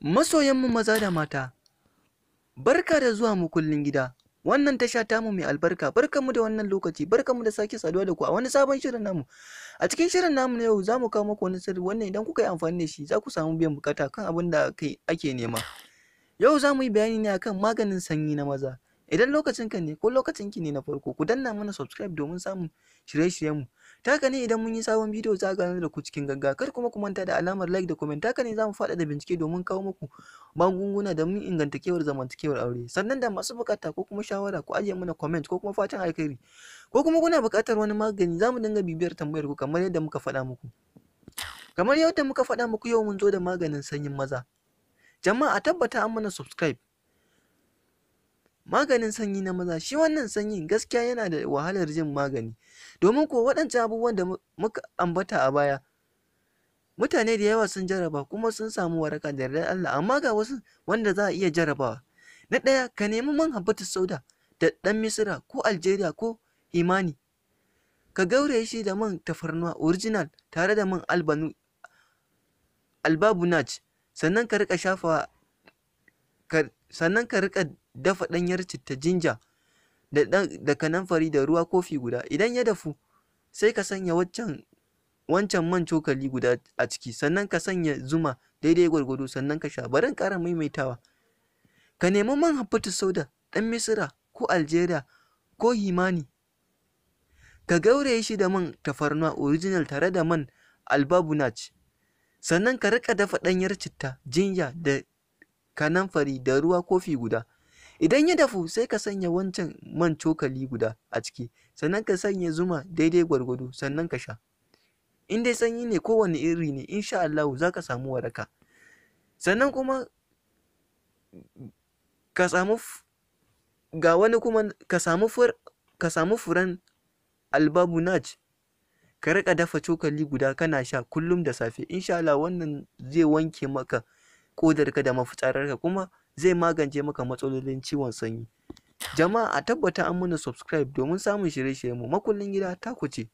Masoyanmu maza da mata, barka da zuwa mu kullum gida, wannan tasha tamu mai albarka, barkanmu da wannan lokaci, barka mu da sake saduwa da ku a wani sabon shirin namu. A cikin shirin namu na yau za mu kawo muku wani sirri wannan idan kuka yi amfani da shi za ku samu biyan bukata kan abin da ake nema. Yau za mu yi bayani ne akan maganin sanyi na maza. idan lokacin ka ne ko lokacin ki ne na farko ku danna mana subscribe domin samun shirye-shiryen mu ta ka ne idan mun yi sabon bidiyo za ga da ku cikin gaggawa kar kuma ku manta da alamar like da comment ta ka ne zamu faɗa da bincike domin kawo muku magunguna da mun inganta kewar zamantakewar aure sannan da masu bukata ko kuma shawara ku ajiye mana comment ko kuma fatan alkhairi ko kuma kuna bukatar wani magani zamu dinga bibiyar tambayar ku kamar yadda muka faɗa muku kamar yadda muka fada muku yau mun zo da maganin sanyin maza jama'a tabbata an mana subscribe maganin sanyi na maza shi wannan sanyin gaskiya yana da wahalar jin magani domin ko waɗancan abubuwan da muka ambata a baya mutane da yawa sun jaraba kuma sun samu waraka da yardar Allah amma ga wasu wanda za a iya jarabawa na ɗaya ka nemi man habbata sauda da ɗan misira ko algeria ko imani ka gaure shi da man tafarnuwa original tare da man albanu albabunaj sannan ka rika shafawa sannan ka rika dafa ɗanyar citta jinja da kanamfari da ruwa kofi guda idan ya dafu sai ka sanya wancan man cokali guda a ciki sannan ka sanya zuma daidai gwargwado sannan ka sha barin ƙara maimaitawa ka nemi man habbatu sauda ɗan misira ko algeria ko himani ka gaure shi da man tafarnuwa original tare da man albabunach sannan ka rika dafa ɗanyar citta jinja da kanamfari da ruwa kofi guda idan ya dafu sai ka sanya wancan man cokali guda a ciki sannan ka sanya zuma daidai gwargwado sannan ka sha in dai sanyi ne kowane iri ne insha Allah za ka samu waraka sannan kuma ka samu ga wani kuma ka samu fur ka samu furen albabu naj ka rika dafa cokali guda kana sha kullum da safe insha Allah wannan zai wanke maka kodarka da mafitsararka kuma zai magance maka matsalolin ciwon sanyi jama'a a tabbata an mana subscribe domin samun shirye-shiryenmu makullin gida taku ce